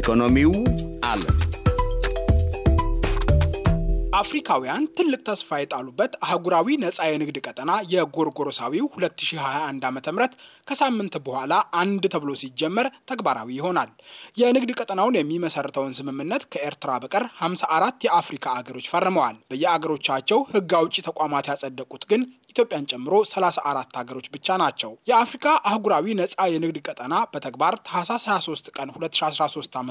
ኢኮኖሚው አለ። አፍሪካውያን ትልቅ ተስፋ የጣሉበት አህጉራዊ ነፃ የንግድ ቀጠና የጎርጎሮሳዊው 2021 ዓ ም ከሳምንት በኋላ አንድ ተብሎ ሲጀመር ተግባራዊ ይሆናል። የንግድ ቀጠናውን የሚመሰርተውን ስምምነት ከኤርትራ በቀር 54 የአፍሪካ አገሮች ፈርመዋል። በየአገሮቻቸው ህግ አውጪ ተቋማት ያጸደቁት ግን ኢትዮጵያን ጨምሮ 34 ሀገሮች ብቻ ናቸው። የአፍሪካ አህጉራዊ ነፃ የንግድ ቀጠና በተግባር ታህሳስ 23 ቀን 2013 ዓ ም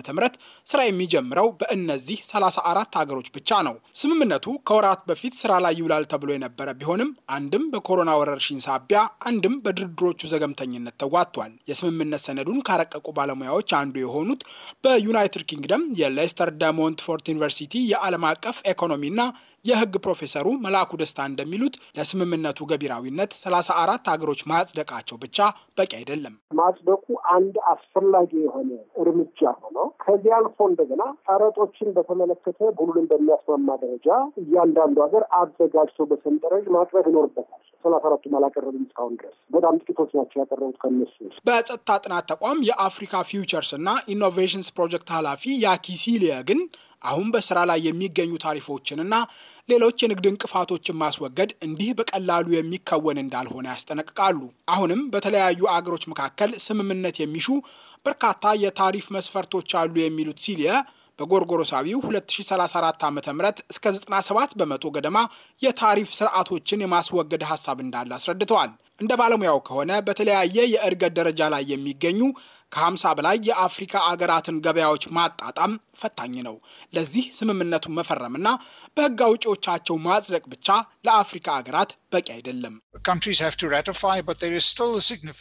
ስራ የሚጀምረው በእነዚህ 34 ሀገሮች ብቻ ነው። ስምምነቱ ከወራት በፊት ስራ ላይ ይውላል ተብሎ የነበረ ቢሆንም አንድም በኮሮና ወረርሽኝ ሳቢያ አንድም በድርድሮቹ ዘገምተኝነት ተጓቷል። የስምምነት ሰነዱን ካረቀቁ ባለሙያዎች አንዱ የሆኑት በዩናይትድ ኪንግደም የሌስተር ደሞንት ፎርት ዩኒቨርሲቲ የዓለም አቀፍ ኢኮኖሚና የህግ ፕሮፌሰሩ መልአኩ ደስታ እንደሚሉት ለስምምነቱ ገቢራዊነት ሰላሳ አራት ሀገሮች ማጽደቃቸው ብቻ በቂ አይደለም። ማጽደቁ አንድ አስፈላጊ የሆነ እርምጃ ሆኖ ከዚህ አልፎ እንደገና ቀረጦችን በተመለከተ ሁሉን በሚያስማማ ደረጃ እያንዳንዱ ሀገር አዘጋጅቶ በሰንጠረዥ ማቅረብ ይኖርበታል። ሰላሳ አራቱም አላቀረቡም እስካሁን ድረስ በጣም ጥቂቶች ናቸው ያቀረቡት። ከነሱ በጸጥታ ጥናት ተቋም የአፍሪካ ፊውቸርስ እና ኢኖቬሽንስ ፕሮጀክት ኃላፊ ያኪ ግን አሁን በስራ ላይ የሚገኙ ታሪፎችንና ሌሎች የንግድ እንቅፋቶችን ማስወገድ እንዲህ በቀላሉ የሚከወን እንዳልሆነ ያስጠነቅቃሉ። አሁንም በተለያዩ አገሮች መካከል ስምምነት የሚሹ በርካታ የታሪፍ መስፈርቶች አሉ የሚሉት ሲሊየ በጎርጎሮሳዊው 2034 ዓ ም እስከ 97 በመቶ ገደማ የታሪፍ ስርዓቶችን የማስወገድ ሀሳብ እንዳለ አስረድተዋል። እንደ ባለሙያው ከሆነ በተለያየ የእድገት ደረጃ ላይ የሚገኙ ከ50 በላይ የአፍሪካ አገራትን ገበያዎች ማጣጣም ፈታኝ ነው። ለዚህ ስምምነቱን መፈረምና በህግ አውጪዎቻቸው ማጽደቅ ብቻ ለአፍሪካ አገራት በቂ አይደለም።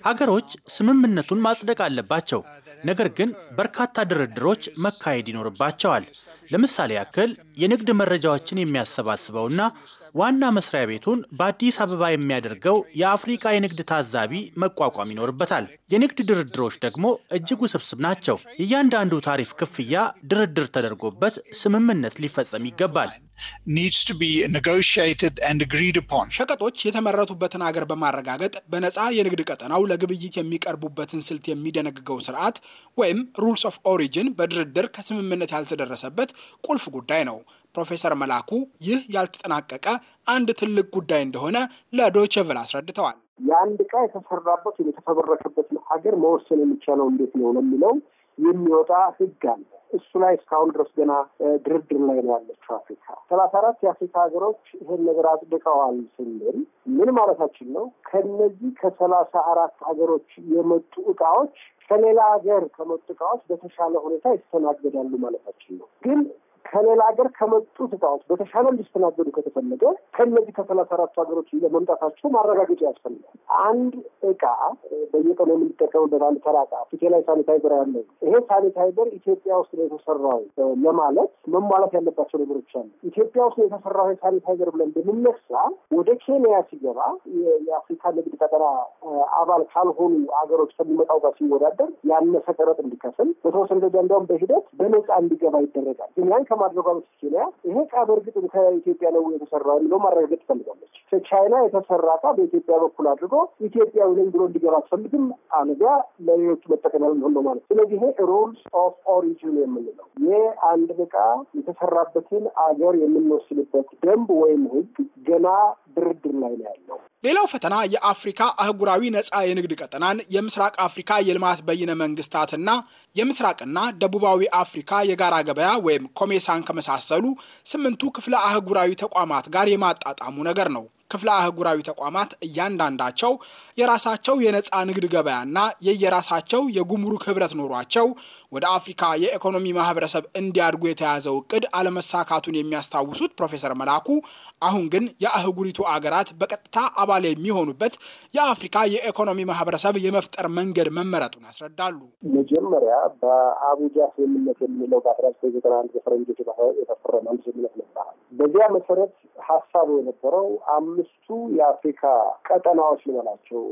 ሀገሮች ስምምነቱን ማጽደቅ አለባቸው። ነገር ግን በርካታ ድርድሮች መካሄድ ይኖርባቸዋል። ለምሳሌ ያክል የንግድ መረጃዎችን የሚያሰባስበውና ዋና መስሪያ ቤቱን በአዲስ አበባ የሚያደርገው የአፍሪካ የንግድ ታዛቢ መቋቋም ይኖርበታል። የንግድ ድርድሮች ደግሞ እጅግ ውስብስብ ናቸው። የእያንዳንዱ ታሪፍ ክፍያ ድርድር ተደርጎበት ስምምነት ሊፈጸም ይገባል። ሸቀጦች የተመረቱበትን አገር በማረጋገጥ በነፃ የንግድ ቀጠናው ለግብይት የሚቀርቡበትን ስልት የሚደነግገው ስርዓት ወይም ሩልስ ኦፍ ኦሪጅን በድርድር ከስምምነት ያልተደረሰበት ቁልፍ ጉዳይ ነው። ፕሮፌሰር መላኩ ይህ ያልተጠናቀቀ አንድ ትልቅ ጉዳይ እንደሆነ ለዶይቼ ቬለ አስረድተዋል። የአንድ ዕቃ የተሰራበት ወይም የተፈበረከበትን ሀገር መወሰን የሚቻለው እንዴት ነው ለሚለው የሚወጣ ህግ አለ። እሱ ላይ እስካሁን ድረስ ገና ድርድር ላይ ነው ያለችው አፍሪካ። ሰላሳ አራት የአፍሪካ ሀገሮች ይህን ነገር አጽድቀዋል ስንል ምን ማለታችን ነው? ከነዚህ ከሰላሳ አራት ሀገሮች የመጡ እቃዎች ከሌላ ሀገር ከመጡ እቃዎች በተሻለ ሁኔታ ይስተናገዳሉ ማለታችን ነው ግን ከሌላ ሀገር ከመጡ እቃዎች በተሻለ እንዲስተናገዱ ከተፈለገ ከነዚህ ከሰላሳ አራቱ ሀገሮች ለመምጣታቸው ማረጋገጫ ያስፈልጋል። አንድ እቃ በየቀኑ የምንጠቀምበት አንድ ተራ እቃ ፊቴ ላይ ሳኒታይዘር ያለው ይሄ ሳኒታይዘር ኢትዮጵያ ውስጥ ነው የተሰራው ለማለት መሟላት ያለባቸው ነገሮች አሉ። ኢትዮጵያ ውስጥ ነው የተሰራው ሳኒታይዘር ብለን ብንነሳ ወደ ኬንያ ሲገባ የአፍሪካ ንግድ ቀጠና አባል ካልሆኑ ሀገሮች ከሚመጣው ጋር ሲወዳደር ያነሰ ቀረጥ እንዲከፍል በተወሰነ ደረጃ እንዲያውም በሂደት በነፃ እንዲገባ ይደረጋል። ግን ማድረጓን ቻይና ይሄ እቃ በእርግጥ ከኢትዮጵያ ነው የተሰራ የሚለው ማረጋገጥ ትፈልጋለች። ከቻይና የተሰራ እቃ በኢትዮጵያ በኩል አድርጎ ኢትዮጵያዊ ነኝ ብሎ እንዲገባ አትፈልግም። አንዷ ለሌሎቹ መጠቀሚያ ሆን ማለት ስለዚህ ይሄ ሩልስ ኦፍ ኦሪጂን የምንለው አንድ እቃ የተሰራበትን አገር የምንወስንበት ደንብ ወይም ህግ ገና ድርድር ላይ ነው ያለው። ሌላው ፈተና የአፍሪካ አህጉራዊ ነፃ የንግድ ቀጠናን የምስራቅ አፍሪካ የልማት በይነ መንግስታትና የምስራቅና ደቡባዊ አፍሪካ የጋራ ገበያ ወይም ኮሜ ሳን ከመሳሰሉ ስምንቱ ክፍለ አህጉራዊ ተቋማት ጋር የማጣጣሙ ነገር ነው። ክፍለ አህጉራዊ ተቋማት እያንዳንዳቸው የራሳቸው የነፃ ንግድ ገበያና የየራሳቸው የጉምሩክ ህብረት ኖሯቸው ወደ አፍሪካ የኢኮኖሚ ማህበረሰብ እንዲያድጉ የተያዘው እቅድ አለመሳካቱን የሚያስታውሱት ፕሮፌሰር መላኩ አሁን ግን የአህጉሪቱ አገራት በቀጥታ አባል የሚሆኑበት የአፍሪካ የኢኮኖሚ ማህበረሰብ የመፍጠር መንገድ መመረጡን ያስረዳሉ። መጀመሪያ በአቡጃ ስምምነት የምንለው በአስራ ዘጠኝ ዘጠና አንድ በፈረንጆች የተፈረመ አንድ ስምምነት በዚያ መሰረት ሀሳቡ የነበረው አምስት አምስቱ የአፍሪካ ቀጠናዎች ልበላቸው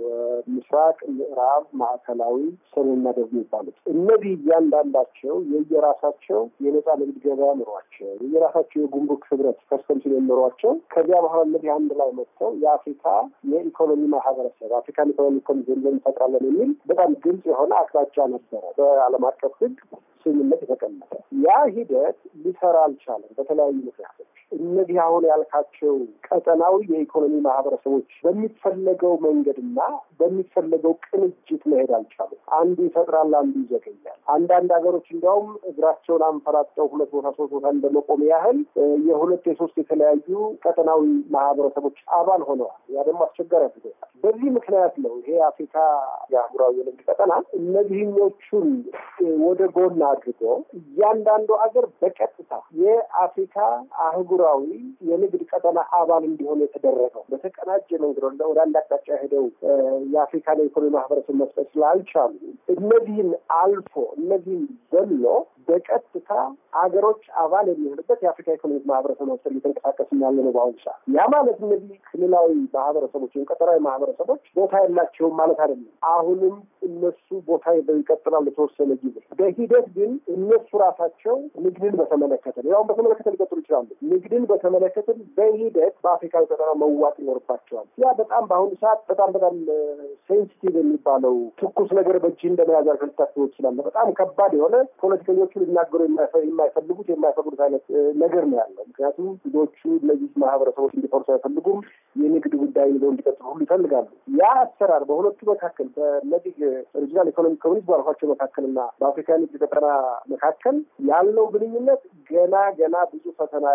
ምስራቅ፣ ምዕራብ፣ ማዕከላዊ፣ ሰሜንና ደቡብ የሚባሉት እነዚህ እያንዳንዳቸው የየራሳቸው የነጻ ንግድ ገበያ ኑሯቸው የየራሳቸው የጉምሩክ ህብረት ከስተምሲል የምሯቸው ከዚያ በኋላ እነዚህ አንድ ላይ መጥተው የአፍሪካ የኢኮኖሚ ማህበረሰብ አፍሪካን ኢኮኖሚ ኮሚሽን እንፈጥራለን የሚል በጣም ግልጽ የሆነ አቅጣጫ ነበረ በዓለም አቀፍ ህግ ስምምነት የተቀመጠ ያ ሂደት ሊሰራ አልቻለም በተለያዩ ምክንያት እነዚህ አሁን ያልካቸው ቀጠናዊ የኢኮኖሚ ማህበረሰቦች በሚፈለገው መንገድና በሚፈለገው ቅንጅት መሄድ አልቻሉም። አንዱ ይፈጥራል፣ አንዱ ይዘገኛል። አንዳንድ ሀገሮች እንዲያውም እግራቸውን አንፈራጠው ሁለት ቦታ ሶስት ቦታ እንደመቆም ያህል የሁለት የሶስት የተለያዩ ቀጠናዊ ማህበረሰቦች አባል ሆነዋል። ያ ደግሞ አስቸጋሪ ያስገኛል። በዚህ ምክንያት ነው ይሄ አፍሪካ የአህጉራዊ የንግድ ቀጠና እነዚህኞቹን ወደ ጎን አድርጎ እያንዳንዱ አገር በቀጥታ የአፍሪካ አህጉራ ህዝባዊ የንግድ ቀጠና አባል እንዲሆን የተደረገው በተቀናጀ መንገድ ወደ አንድ አቅጣጫ ሄደው የአፍሪካ ኢኮኖሚ ማህበረሰብ መስጠት ስላልቻሉ እነዚህን አልፎ እነዚህን ዘሎ በቀጥታ አገሮች አባል የሚሆንበት የአፍሪካ ኢኮኖሚክ ማህበረሰብ ነው እየተንቀሳቀስ ያለ ነው በአሁኑ ሰዓት። ያ ማለት እነዚህ ክልላዊ ማህበረሰቦች ወይም ቀጠራዊ ማህበረሰቦች ቦታ የላቸውም ማለት አይደለም። አሁንም እነሱ ቦታ ይቀጥላል ለተወሰነ ጊዜ። በሂደት ግን እነሱ ራሳቸው ንግድን በተመለከተ ያውም በተመለከተ ሊቀጥሉ ይችላሉ። ንግድን በተመለከተ በሂደት በአፍሪካዊ ቀጠና መዋጥ ይኖርባቸዋል። ያ በጣም በአሁኑ ሰዓት በጣም በጣም ሴንሲቲቭ የሚባለው ትኩስ ነገር በእጅ እንደመያዝ አድርገህ ይችላለ። በጣም ከባድ የሆነ ፖለቲከኞቹ ሊናገሩ የማይፈልጉት የማይፈቅዱት አይነት ነገር ነው ያለው። ምክንያቱም ልጆቹ እነዚህ ማህበረሰቦች እንዲፈርሱ አይፈልጉም። የንግድ ጉዳይ ይዘው እንዲቀጥሉ ሁሉ ይፈልጋሉ። ያ አሰራር በሁለቱ መካከል በእነዚህ ሪጂናል ኢኮኖሚክ ኮሚኒቲ ባልኳቸው መካከልና በአፍሪካ ንግድ ቀጠና መካከል ያለው ግንኙነት ገና ገና ብዙ ፈተና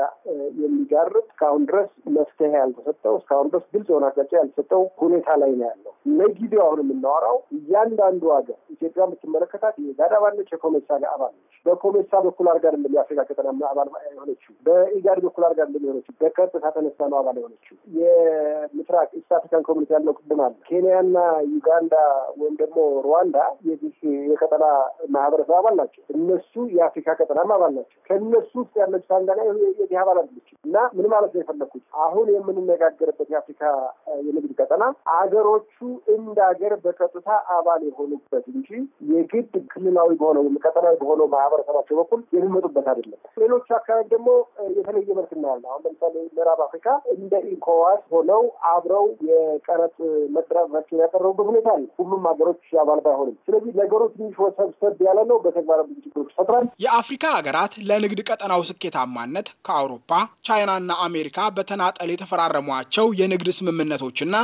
የሚጋርጥ እስካሁን ድረስ መፍትሄ ያልተሰጠው እስካሁን ድረስ ግልጽ የሆነ አቅጣጫ ያልተሰጠው ሁኔታ ላይ ነው ያለው። ለጊዜው አሁን የምናወራው እያንዳንዱ ሀገር ኢትዮጵያ የምትመለከታት የኢጋድ አባልነች፣ የኮሜሳ አባል ነች። በኮሜሳ በኩል አድርጋ አይደለም የአፍሪካ ቀጠና አባል የሆነችው፣ በኢጋድ በኩል አድርጋ አይደለም የሆነችው፣ በቀጥታ ተነሳ ነው አባል የሆነችው። የምስራቅ ኢስት አፍሪካን ኮሚኒቲ ያለው ቅድም ይገጥማል። ኬንያና ዩጋንዳ ወይም ደግሞ ሩዋንዳ የዚህ የቀጠና ማህበረሰብ አባል ናቸው። እነሱ የአፍሪካ ቀጠናም አባል ናቸው። ከእነሱ ውስጥ ያለች ታንዛኒያ የዚህ አባል አለች እና ምን ማለት ነው የፈለግኩት አሁን የምንነጋገርበት የአፍሪካ የንግድ ቀጠና አገሮቹ እንደ ሀገር በቀጥታ አባል የሆኑበት እንጂ የግድ ክልላዊ በሆነው ወይም ቀጠናዊ በሆነው ማህበረሰባቸው በኩል የሚመጡበት አይደለም። ሌሎቹ አካባቢ ደግሞ የተለየ መልክ እናያለን። አሁን ለምሳሌ ምዕራብ አፍሪካ እንደ ኢኮዋስ ሆነው አብረው የቀረጥ መስራችን ያቀረቡበት ሁኔታ አለ። ሁሉም ሀገሮች አባል ባይሆንም፣ ስለዚህ ነገሩ ትንሽ ወሰብሰብ ያለ ነው። በተግባራ ብዙ ችግሮች ይፈጥራል። የአፍሪካ ሀገራት ለንግድ ቀጠናው ስኬታማነት ከአውሮፓ ቻይናና አሜሪካ በተናጠል የተፈራረሟቸው የንግድ ስምምነቶችና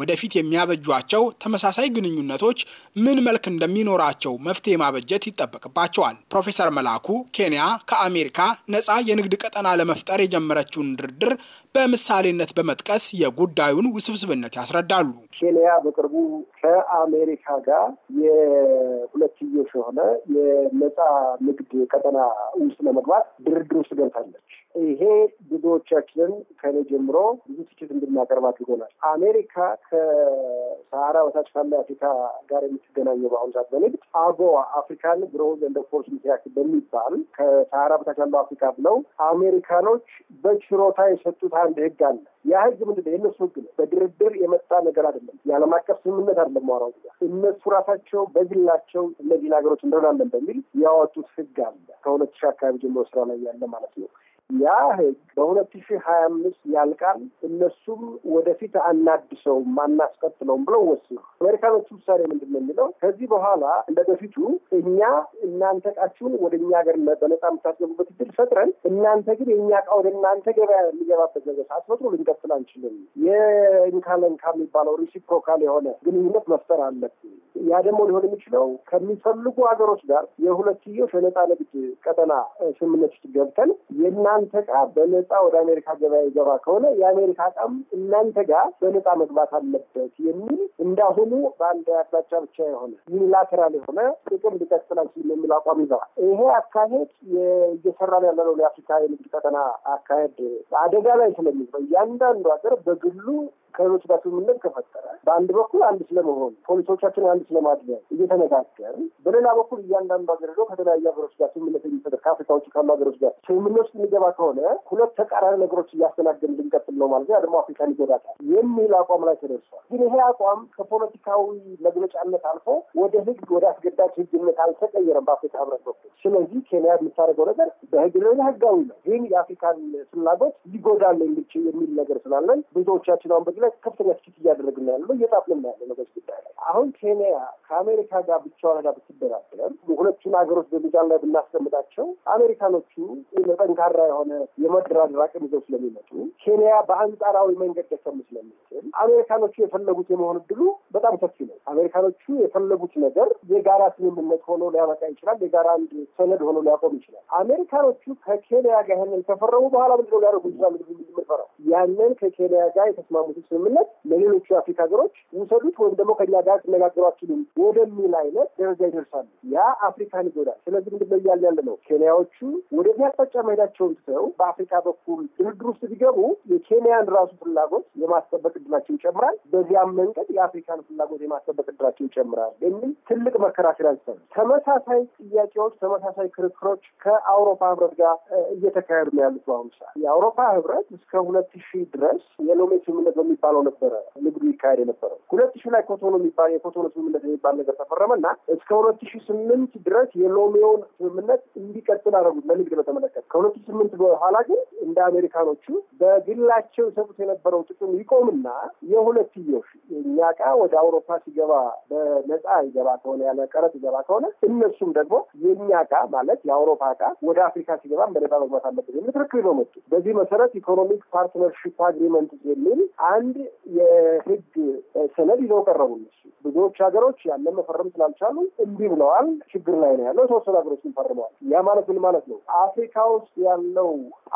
ወደፊት የሚያበጇቸው ተመሳሳይ ግንኙነቶች ምን መልክ እንደሚኖራቸው መፍትሄ ማበጀት ይጠበቅባቸዋል። ፕሮፌሰር መላኩ ኬንያ ከአሜሪካ ነፃ የንግድ ቀጠና ለመፍጠር የጀመረችውን ድርድር በምሳሌነት በመጥቀስ የጉዳዩን ውስብስብነት ያስረዳሉ። ኬንያ በቅርቡ ከአሜሪካ ጋር የሁለትዮሽ የሆነ የነፃ ንግድ ቀጠና ውስጥ ለመግባት ድርድር ውስጥ ገብታለች። ይሄ ብዙዎቻችንን ከእኔ ጀምሮ ብዙ ትችት እንድናቀርብ አድርጎናል። አሜሪካ ከሰሃራ በታች ካለ አፍሪካ ጋር የምትገናኘው በአሁኑ ሰዓት በንግድ አጎዋ አፍሪካን ግሮዝ ኤንድ ኦፖርቹኒቲ በሚባል ከሰሃራ በታች ያለው አፍሪካ ብለው አሜሪካኖች በችሮታ የሰጡት አንድ ህግ አለ። ያ ህግ ምንድን ነው? የእነሱ ህግ ነው። በድርድር የመጣ ነገር አይደለም። የዓለም አቀፍ ስምምነት አይደለም። ማራ እነሱ ራሳቸው በግላቸው እነዚህን ሀገሮች እንረዳለን በሚል ያወጡት ህግ አለ። ከሁለት ሺህ አካባቢ ጀምሮ ስራ ላይ ያለ ማለት ነው። e በሁለት ሺህ ሀያ አምስት ያልቃል እነሱም ወደፊት አናድሰውም አናስቀጥለውም ብለው ወስኑ። አሜሪካኖቹ ውሳኔ ምንድን ነው የሚለው? ከዚህ በኋላ እንደ በፊቱ እኛ እናንተ እቃችሁን ወደ እኛ ሀገር በነጻ የምታስገቡበት እድል ፈጥረን እናንተ ግን የእኛ እቃ ወደ እናንተ ገበያ የሚገባበት ነገር ሳትፈጥሩ ልንቀጥል አንችልም። የኢንካለንካ የሚባለው ሪሲፕሮካል የሆነ ግንኙነት መፍጠር አለብን። ያ ደግሞ ሊሆን የሚችለው ከሚፈልጉ ሀገሮች ጋር የሁለትዮሽ የነጻ ንግድ ቀጠና ስምምነት ውስጥ ገብተን የእናንተ እቃ በነ በነፃ ወደ አሜሪካ ገበያ ይገባ ከሆነ የአሜሪካ ዕቃም እናንተ ጋር በነፃ መግባት አለበት የሚል እንዳሁኑ በአንድ አቅጣጫ ብቻ የሆነ ዩኒላተራል የሆነ ጥቅም ሊቀጥል አይችልም የሚል አቋም ይዘዋል። ይሄ አካሄድ እየሰራን ያለነው የአፍሪካ የንግድ ቀጠና አካሄድ አደጋ ላይ ስለሚ እያንዳንዱ ሀገር በግሉ ከሌሎች ጋር ስምምነት ከፈጠረ በአንድ በኩል አንድ ስለመሆን ፖሊሶቻችን አንድ ስለማድረግ እየተነጋገር፣ በሌላ በኩል እያንዳንዱ ሀገር ሄዶ ከተለያዩ ሀገሮች ጋር ስምምነት የሚፈጠር ከአፍሪካ ውጭ ካሉ ሀገሮች ጋር ስምምነት ውስጥ የሚገባ ከሆነ ሁለት ተቃራኒ ነገሮች እያስተናገድን ልንቀጥል ነው ማለት ያ ደግሞ አፍሪካን ይጎዳታል የሚል አቋም ላይ ተደርሷል። ግን ይሄ አቋም ከፖለቲካዊ መግለጫነት አልፎ ወደ ህግ ወደ አስገዳጅ ህግነት አልተቀየረም በአፍሪካ ህብረት በኩል። ስለዚህ ኬንያ የምታደርገው ነገር በህግ ሌላ ህጋዊ ነው፣ ግን የአፍሪካን ፍላጎት ይጎዳል የሚል ነገር ስላለን ብዙዎቻችን አሁን ድረስ ከፍተኛ ስኪት እያደረግን ያለ ነው እየጣፍን ያለ ነገር ጉዳይ ላይ አሁን ኬንያ ከአሜሪካ ጋር ብቻዋን ጋር ብትደራደር ሁለቱን ሀገሮች በሚዛን ላይ ብናስቀምጣቸው አሜሪካኖቹ ጠንካራ የሆነ የመደራደር አቅም ይዘው ስለሚመጡ ኬንያ በአንጻራዊ መንገድ ደከም ስለምትችል አሜሪካኖቹ የፈለጉት የመሆን እድሉ በጣም ሰፊ ነው። አሜሪካኖቹ የፈለጉት ነገር የጋራ ስምምነት ሆኖ ሊያመጣ ይችላል። የጋራ አንድ ሰነድ ሆኖ ሊያቆም ይችላል። አሜሪካኖቹ ከኬንያ ጋር ያንን ከፈረሙ በኋላ ምንድነው ሊያደርጉ ይችላል? ምንፈራው ያንን ከኬንያ ጋር የተስማሙት ስምምነት ለሌሎቹ የአፍሪካ ሀገሮች ውሰዱት ወይም ደግሞ ከኛ ጋር ትነጋገሯችንም ወደሚል አይነት ደረጃ ይደርሳሉ። ያ አፍሪካን ይጎዳል። ስለዚህ ምንድን ነው እያልን ያለ ነው? ኬንያዎቹ ወደዚህ አቅጣጫ መሄዳቸውን ትተው በአፍሪካ በኩል ድርድር ውስጥ ቢገቡ የኬንያን ራሱ ፍላጎት የማስጠበቅ እድላቸው ይጨምራል። በዚያም መንገድ የአፍሪካን ፍላጎት የማስጠበቅ እድላቸው ይጨምራል የሚል ትልቅ መከራከሪያ አንስተናል። ተመሳሳይ ጥያቄዎች፣ ተመሳሳይ ክርክሮች ከአውሮፓ ህብረት ጋር እየተካሄዱ ነው ያሉት በአሁኑ ሰዓት የአውሮፓ ህብረት እስከ ሁለት ሺህ ድረስ የሎሜ ስምምነት በሚ የሚባለው ነበረ ንግዱ ይካሄድ የነበረው ሁለት ሺ ላይ ኮቶኖ የሚባል የኮቶኖ ስምምነት የሚባል ነገር ተፈረመ እና እስከ ሁለት ሺ ስምንት ድረስ የሎሜውን ስምምነት እንዲቀጥል አደረጉት ለንግድ በተመለከተ ከሁለት ሺ ስምንት በኋላ ግን እንደ አሜሪካኖቹ በግላቸው ይሰጡት የነበረው ጥቅም ይቆምና የሁለትዮሽ እኛ ቃ ወደ አውሮፓ ሲገባ በነፃ ይገባ ከሆነ ያለ ቀረጥ ይገባ ከሆነ እነሱም ደግሞ የእኛ ቃ ማለት የአውሮፓ ቃ ወደ አፍሪካ ሲገባ በነፃ መግባት አለበት የሚል ክርክር ነው መጡ። በዚህ መሰረት ኢኮኖሚክ ፓርትነርሽፕ አግሪመንት የሚል አንድ አንድ የህግ ሰነድ ይዘው ቀረቡ። እነሱ ብዙዎች ሀገሮች ያለን መፈረም ስላልቻሉ እንዲህ ብለዋል። ችግር ላይ ነው ያለው። የተወሰኑ ሀገሮች ግን ፈርመዋል። ያ ማለት ምን ማለት ነው? አፍሪካ ውስጥ ያለው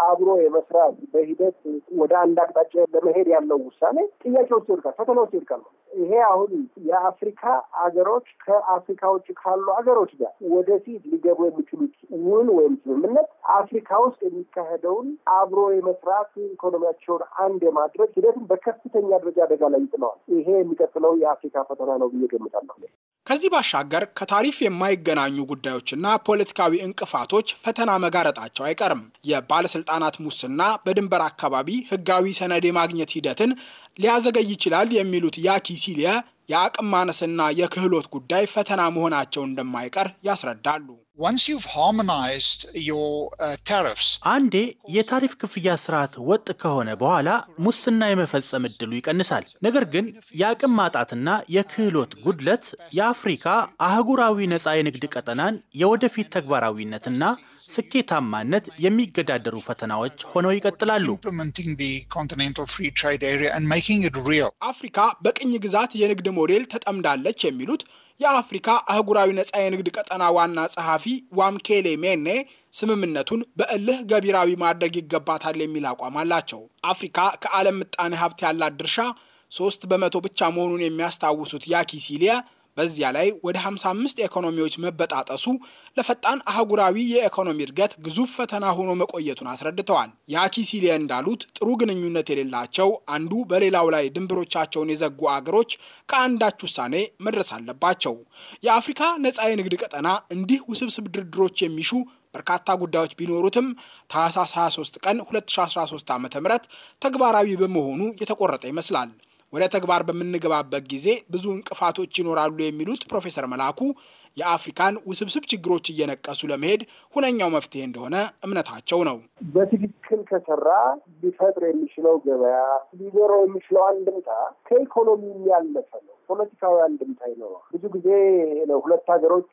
አብሮ የመስራት በሂደት ወደ አንድ አቅጣጫ ለመሄድ ያለው ውሳኔ ጥያቄ ውስጥ ይወድቃል፣ ፈተና ውስጥ ይወድቃል። ይሄ አሁን የአፍሪካ አገሮች ከአፍሪካ ውጭ ካሉ አገሮች ጋር ወደፊት ሊገቡ የሚችሉት ውል ወይም ስምምነት አፍሪካ ውስጥ የሚካሄደውን አብሮ የመስራት ኢኮኖሚያቸውን አንድ የማድረግ ሂደትን በከፍ ከፍተኛ ደረጃ አደጋ ላይ ይጥለዋል። ይሄ የሚቀጥለው የአፍሪካ ፈተና ነው ብዬ ገምታለሁ። ከዚህ ባሻገር ከታሪፍ የማይገናኙ ጉዳዮችና ፖለቲካዊ እንቅፋቶች ፈተና መጋረጣቸው አይቀርም። የባለስልጣናት ሙስና በድንበር አካባቢ ህጋዊ ሰነድ የማግኘት ሂደትን ሊያዘገይ ይችላል የሚሉት ያኪ ሲሊየ የአቅም ማነስና የክህሎት ጉዳይ ፈተና መሆናቸው እንደማይቀር ያስረዳሉ። Uh, አንዴ የታሪፍ ክፍያ ስርዓት ወጥ ከሆነ በኋላ ሙስና የመፈጸም እድሉ ይቀንሳል። ነገር ግን የአቅም ማጣትና የክህሎት ጉድለት የአፍሪካ አህጉራዊ ነፃ የንግድ ቀጠናን የወደፊት ተግባራዊነትና ስኬታማነት የሚገዳደሩ ፈተናዎች ሆነው ይቀጥላሉ። አፍሪካ በቅኝ ግዛት የንግድ ሞዴል ተጠምዳለች የሚሉት የአፍሪካ አህጉራዊ ነጻ የንግድ ቀጠና ዋና ጸሐፊ ዋምኬሌ ሜኔ ስምምነቱን በእልህ ገቢራዊ ማድረግ ይገባታል የሚል አቋም አላቸው። አፍሪካ ከዓለም ምጣኔ ሀብት ያላት ድርሻ ሶስት በመቶ ብቻ መሆኑን የሚያስታውሱት ያኪ በዚያ ላይ ወደ 55 ኢኮኖሚዎች መበጣጠሱ ለፈጣን አህጉራዊ የኢኮኖሚ እድገት ግዙፍ ፈተና ሆኖ መቆየቱን አስረድተዋል። የአኪሲሊያ እንዳሉት ጥሩ ግንኙነት የሌላቸው አንዱ በሌላው ላይ ድንበሮቻቸውን የዘጉ አገሮች ከአንዳች ውሳኔ መድረስ አለባቸው። የአፍሪካ ነፃ የንግድ ቀጠና እንዲህ ውስብስብ ድርድሮች የሚሹ በርካታ ጉዳዮች ቢኖሩትም ታህሳስ 23 ቀን 2013 ዓ ም ተግባራዊ በመሆኑ የተቆረጠ ይመስላል። ወደ ተግባር በምንገባበት ጊዜ ብዙ እንቅፋቶች ይኖራሉ የሚሉት ፕሮፌሰር መላኩ የአፍሪካን ውስብስብ ችግሮች እየነቀሱ ለመሄድ ሁነኛው መፍትሄ እንደሆነ እምነታቸው ነው። በትክክል ከሰራ ሊፈጥር የሚችለው ገበያ ሊኖረው የሚችለው አንድምታ ከኢኮኖሚ ያለፈ ነው። ፖለቲካዊ አንድምታ ይኖረዋል። ብዙ ጊዜ ሁለት ሀገሮች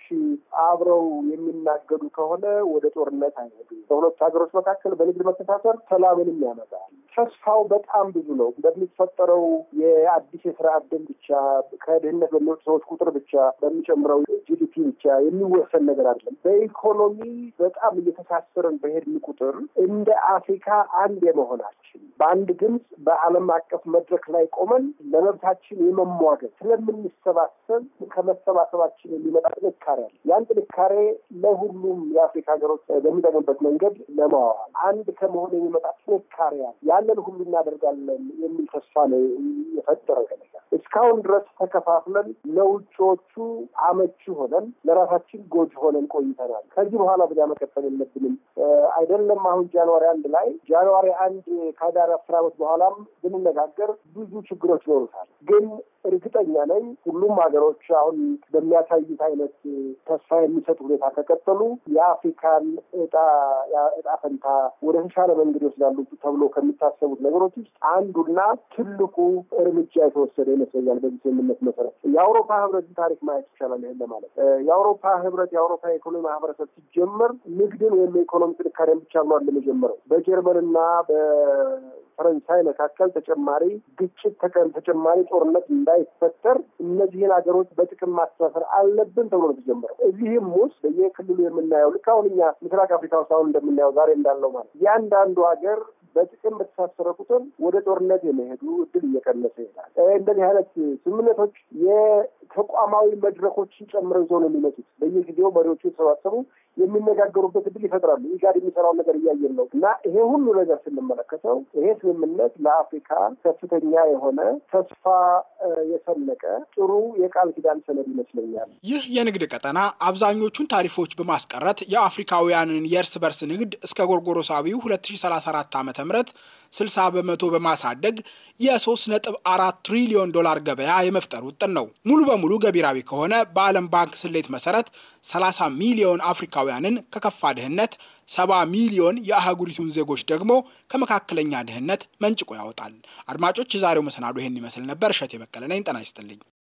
አብረው የሚናገዱ ከሆነ ወደ ጦርነት አይሄዱ በሁለቱ ሀገሮች መካከል በንግድ መተሳሰር ሰላምንም ያመጣል። ተስፋው በጣም ብዙ ነው። በሚፈጠረው የአዲስ የስራ እድል ብቻ ከድህነት በሚወጡ ሰዎች ቁጥር ብቻ በሚጨምረው ጂዲፒ ብቻ የሚወሰን ነገር አይደለም። በኢኮኖሚ በጣም እየተሳሰርን በሄድን ቁጥር እንደ አፍሪካ አንድ የመሆናችን በአንድ ድምፅ በዓለም አቀፍ መድረክ ላይ ቆመን ለመብታችን የመሟገት ስለምንሰባሰብ ከመሰባሰባችን የሚመጣ ጥንካሬ አለ። ያን ጥንካሬ ለሁሉም የአፍሪካ ሀገሮች በሚጠቅምበት መንገድ ለማዋል አንድ ከመሆን የሚመጣ ጥንካሬ አለ። ያንን ሁሉ እናደርጋለን የሚል ተስፋ ነው የፈጠረው ነገር። እስካሁን ድረስ ተከፋፍለን ለውጮቹ አመቺ ሆነን ለራሳችን ጎጅ ሆነን ቆይተናል። ከዚህ በኋላ ብዛ መቀጠል የለብንም። አይደለም አሁን ጃንዋሪ አንድ ላይ ጃንዋሪ አንድ ከዳር አስራ አመት በኋላም ብንነጋገር ብዙ ችግሮች ይኖሩታል ግን እርግጠኛ ነኝ ሁሉም ሀገሮች አሁን በሚያሳዩት አይነት ተስፋ የሚሰጥ ሁኔታ ከቀጠሉ የአፍሪካን እጣ እጣ ፈንታ ወደ ተሻለ መንገድ ይወስዳሉ ተብሎ ከሚታሰቡት ነገሮች ውስጥ አንዱና ትልቁ እርምጃ የተወሰደ ይመስለኛል። በዚህ ስምምነት መሰረት የአውሮፓ ህብረትን ታሪክ ማየት ይቻላል። ይህን ለማለት የአውሮፓ ህብረት የአውሮፓ የኢኮኖሚ ማህበረሰብ ሲጀመር ንግድን ወይም የኢኮኖሚ ጥንካሬን ብቻ ብሏል ለመጀመረው በጀርመንና ፈረንሳይ መካከል ተጨማሪ ግጭት ተጨማሪ ጦርነት እንዳይፈጠር እነዚህን ሀገሮች በጥቅም ማስተሳሰር አለብን ተብሎ ነው ተጀመረው። እዚህም ውስጥ በየክልሉ የምናየው ልክ አሁን እኛ ምስራቅ አፍሪካ ውስጥ አሁን እንደምናየው ዛሬ እንዳለው ማለት እያንዳንዱ ሀገር በጥቅም በተሳሰረ ቁጥር ወደ ጦርነት የመሄዱ እድል እየቀነሰ ይሄዳል። እንደዚህ አይነት ስምምነቶች ተቋማዊ መድረኮችን ጨምረው ይዘው ነው የሚመጡት። በየጊዜው መሪዎቹ የተሰባሰቡ የሚነጋገሩበት እድል ይፈጥራሉ። ኢጋድ የሚሰራውን ነገር እያየን ነው እና ይሄ ሁሉ ነገር ስንመለከተው ይሄ ስምምነት ለአፍሪካ ከፍተኛ የሆነ ተስፋ የሰነቀ ጥሩ የቃል ኪዳን ሰነድ ይመስለኛል። ይህ የንግድ ቀጠና አብዛኞቹን ታሪፎች በማስቀረት የአፍሪካውያንን የእርስ በርስ ንግድ እስከ ጎርጎሮሳዊው 2034 ዓ ም 60 በመቶ በማሳደግ የ3.4 ትሪሊዮን ዶላር ገበያ የመፍጠር ውጥን ነው። ሙሉ በሙሉ ገቢራዊ ከሆነ በዓለም ባንክ ስሌት መሰረት 30 ሚሊዮን አፍሪካውያንን ከከፋ ድህነት፣ 70 ሚሊዮን የአህጉሪቱን ዜጎች ደግሞ ከመካከለኛ ድህነት መንጭቆ ያወጣል። አድማጮች፣ የዛሬው መሰናዶ ይህን ይመስል ነበር። እሸት የበቀለ ነኝ። ጤና ይስጥልኝ።